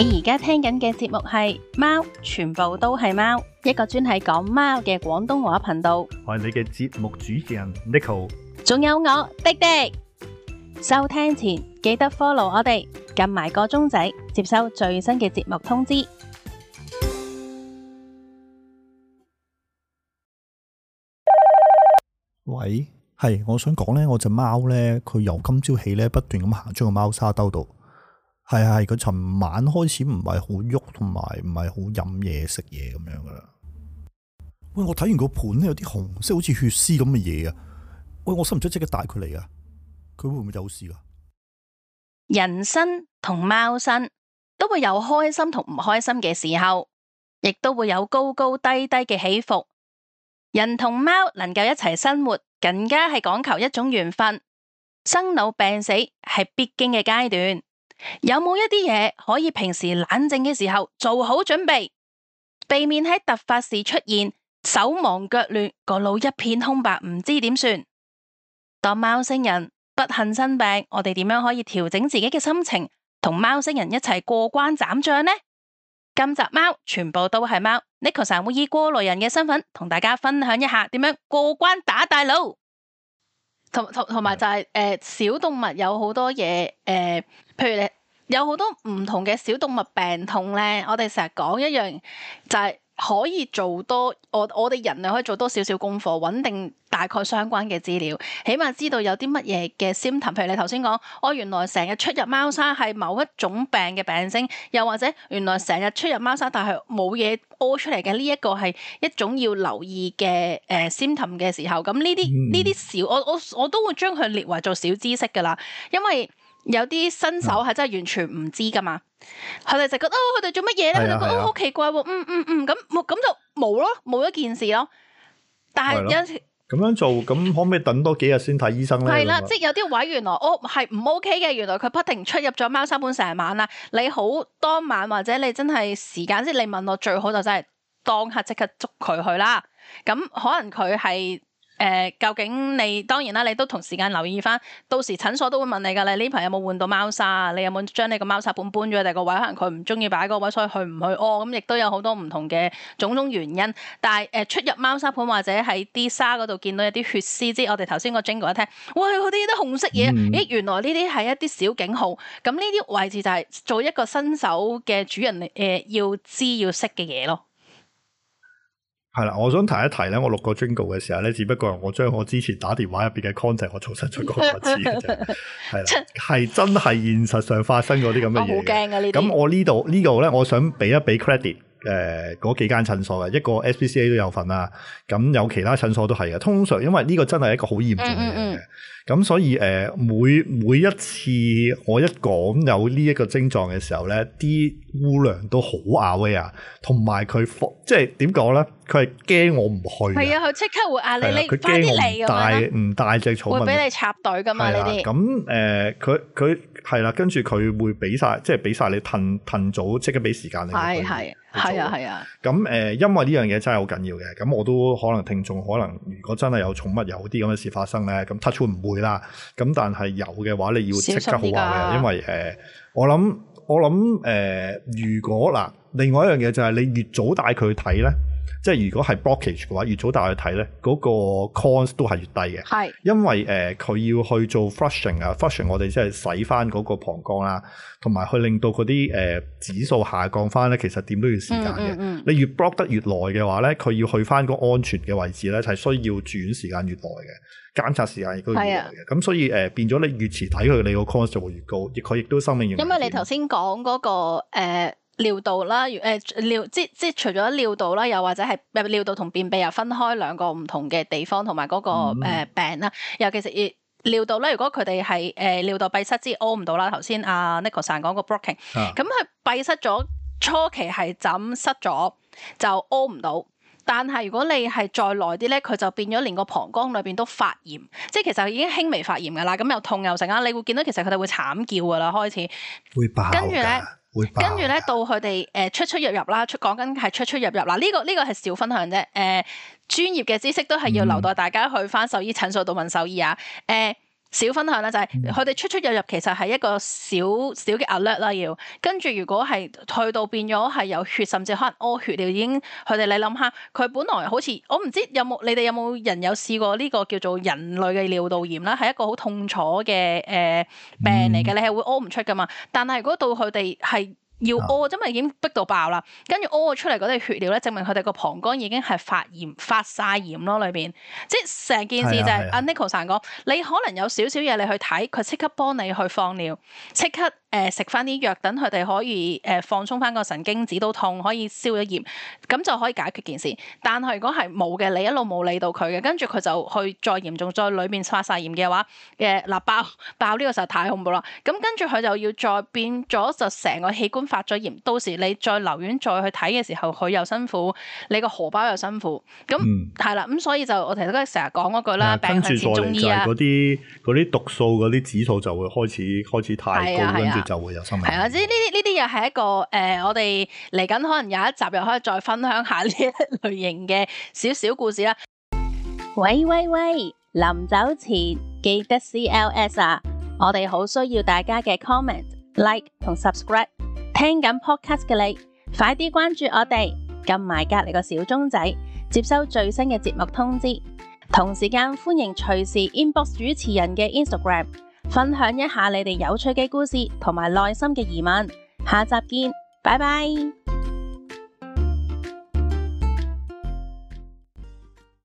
你而家聽緊嘅節目係《貓》，全部都係貓，一個專係講貓嘅廣東話頻道。我係你嘅節目主持人 Neko，仲有我廸廸。收聽前記得 follow 我哋，撳埋個鐘仔，接收最新嘅節目通知。喂，係，我想講呢，我隻貓呢，佢由今朝起呢，不斷咁行咗個貓沙兜度。係係，佢尋晚開始唔係好喐，同埋唔係好飲嘢食嘢咁樣噶啦。喂，我睇完個盤有啲紅色，好似血絲咁嘅嘢啊！喂，我使唔使即刻帶佢嚟啊？佢會唔會有事啊？人生同貓生，都會有開心同唔開心嘅時候，亦都會有高高低低嘅起伏。人同貓能夠一齊生活，更加係講求一種緣分。生老病死係必經嘅階段。有冇一啲嘢可以平時冷靜嘅時候做好準備，避免喺突發事出現，手忙腳亂、個腦一片空白，唔知點算？當貓星人不幸生病，我哋點樣可以調整自己嘅心情，同貓星人一齊過關斬將呢？今集貓全部都係貓，Nicholas 會以過來人嘅身份同大家分享一下點樣過關打大佬。同同埋就係、是呃、小動物有好多嘢、呃、譬如你。有好多唔同嘅小動物病痛咧，我哋成日講一樣就係、是、可以做多，我我哋人類可以做多少少功課，搵定大概相關嘅資料，起碼知道有啲乜嘢嘅 symptom。譬如你頭先講，我、哦、原來成日出入貓砂係某一種病嘅病徵，又或者原來成日出入貓砂但係冇嘢屙出嚟嘅，呢、這、一個係一種要留意嘅誒 symptom 嘅時候。咁呢啲呢啲小，我我我都會將佢列為做小知識㗎喇，因為。有啲新手係真係完全唔知噶嘛，佢哋、嗯、就覺得佢哋做乜嘢咧？佢、哦、哋、啊、覺得好奇怪喎、啊啊嗯，嗯嗯嗯咁，咁、嗯嗯、就冇咯，冇一件事咯。但係有咁樣做，咁可唔可以等多幾日先睇醫生咧？係啦，即係有啲位原來哦係唔 OK 嘅，原來佢、哦不，OK、不停出入咗貓砂盆成晚啦。你好當晚或者你真係時間即係你問我最好就真係當下即刻捉佢去啦。咁可能佢係。誒、呃，究竟你當然啦，你都同時間留意翻，到時診所都會問你㗎，你呢排有冇換到貓砂啊？你有冇將你個貓砂盤搬咗第個位？可能佢唔中意擺嗰個位，所以去唔去屙。咁亦都有好多唔同嘅種種原因。但係誒、呃，出入貓砂盤或者喺啲砂嗰度見到一啲血絲，即我哋頭先個 Jingle 一聽，哇，嗰啲都紅色嘢。咦，原來呢啲係一啲小警號。咁呢啲位置就係做一個新手嘅主人誒、呃、要知要識嘅嘢咯。係啦，我想提一提咧，我錄個 Jingle 嘅時候咧，只不過我將我之前打電話入邊嘅 content 我重新再講一次嘅啫。係啦，係真係現實上發生嗰啲咁嘅嘢。咁我、啊我這個、呢度呢度咧，我想俾一俾 credit 誒、呃，嗰幾間診所嘅，一個 SPCA 都有份啊。咁有其他診所都係嘅。通常因為呢個真係一個好嚴重嘅嘢，咁、嗯嗯嗯、所以誒、呃、每每一次我一講有呢一個症狀嘅時候咧，啲姑娘都好阿啊，同埋佢即係點講咧？佢係驚我唔去，係啊！佢即刻會嗌、啊、你你快啲嚟㗎，佢驚我唔帶唔帶隻寵物，會俾你插隊㗎嘛？呢啲咁誒佢佢係啦，跟住佢會俾晒，即係俾晒你騰騰早，即刻俾時間你係係係啊係啊。咁誒、啊啊，因為呢樣嘢真係好緊要嘅。咁我都可能聽眾，可能如果真係有寵物有啲咁嘅事發生咧，咁 touch 唔會啦？咁但係有嘅話，話你要即刻好啊，因為誒我諗我諗誒、呃，如果嗱，另外，另外啊、另外另外另外一樣嘢就係、是、你越早帶佢睇咧。即係如果係 blockage 嘅話，越早帶去睇咧，嗰、那個 cost 都係越低嘅。係是因為誒佢、呃、要去做 flushing 啊是，flushing 我哋即係洗翻嗰個膀胱啦，同埋去令到嗰啲誒指數下降翻咧，其實點都要時間嘅。嗯嗯嗯、你越 block 得越耐嘅話咧，佢要去翻個安全嘅位置咧，係、就是、需要住院時間越耐嘅，監察時間亦都越耐嘅。咁、啊、所以誒、呃、變咗你越遲睇佢，你個 cost 就會越高，亦佢亦都生命越。因為你頭先講嗰個、呃尿道啦，誒、呃、尿即即除咗尿道啦，又或者係尿道同便秘又分開兩個唔同嘅地方、那個，同埋嗰個病啦。尤其係尿道咧，如果佢哋係誒尿道閉塞，即係屙唔到啦。頭先阿 Nicholas 講個 blocking 咁佢閉塞咗初期係枕塞咗就屙唔到，但係如果你係再耐啲咧，佢就變咗連個膀胱裏邊都發炎，即係其實已經輕微發炎噶啦。咁又痛又成啊！你會見到其實佢哋會慘叫噶啦，開始會爆，跟住咧。跟住咧，到佢哋誒出出入入啦，出講緊係出出入入啦。呢、這個呢、這個係小分享啫。誒、呃，專業嘅知識都係要留待大家去翻獸醫診所度問獸醫啊。誒、呃。少分享啦，就係佢哋出出入入其實係一個小小嘅 alert 啦，要跟住如果係去到變咗係有血，甚至可能屙血，你已經佢哋你諗下，佢本來好似我唔知有冇你哋有冇人有試過呢個叫做人類嘅尿道炎啦，係一個好痛楚嘅誒、呃、病嚟嘅，你係會屙唔出㗎嘛，但係如果到佢哋係。要屙，真係已經逼到爆啦。跟住屙出嚟嗰啲血尿咧，證明佢哋個膀胱已經係發炎、發晒炎咯。裏邊，即係成件事就係阿 Nicko 神講，你可能有少少嘢你去睇，佢即刻幫你去放尿，即刻。誒食翻啲藥，等佢哋可以誒、呃、放鬆翻個神經，止到痛，可以消咗炎，咁就可以解決件事。但係如果係冇嘅，你一路冇理到佢嘅，跟住佢就去再嚴重，再裏面發晒炎嘅話，誒、欸、嗱、呃、爆爆呢個實在太恐怖啦。咁跟住佢就要再變咗就成個器官發咗炎，到時你再留院再去睇嘅時候，佢又辛苦，你個荷包又辛苦。咁係啦，咁、嗯、所以就我哋都成日講嗰句啦，嗯、病向淺中醫啦。跟住再嚟就係嗰啲嗰啲毒素嗰啲指數就會開始開始太高。的的就會有生命。啊，即呢啲呢啲又係一個誒，我哋嚟緊可能有一集又可以再分享下呢一類型嘅少少故事啦。喂喂喂，臨走前記得 CLS 啊！我哋好需要大家嘅 comment、like 同 subscribe。聽緊 podcast 嘅你，快啲關注我哋，撳埋隔離個小鐘仔，接收最新嘅節目通知。同時間歡迎隨時 inbox 主持人嘅 Instagram。分享一下你哋有趣嘅故事同埋內心嘅疑問，下集見，拜拜。